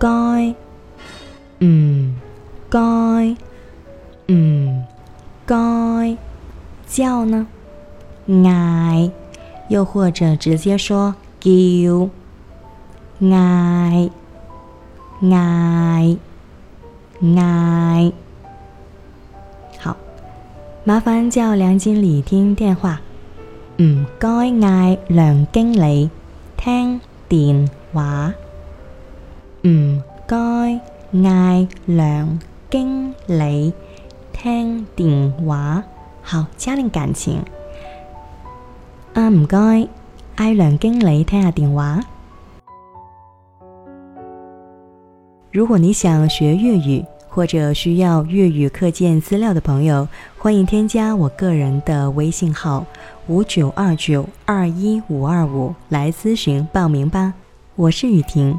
該，唔、嗯、該，唔該、嗯，叫呢？嗌，又或者直接說叫，嗌，嗌，嗌。好，麻煩叫梁經理聽電話。唔該，嗌梁經理聽電話。唔、嗯、該，嗌梁經理聽電話，好加啲感情。啊，唔該，嗌梁經理聽下、啊、電話。如果你想學粵語或者需要粵語課件資料的朋友，歡迎添加我個人的微信號五九二九二一五二五來諮詢報名吧。我是宇婷。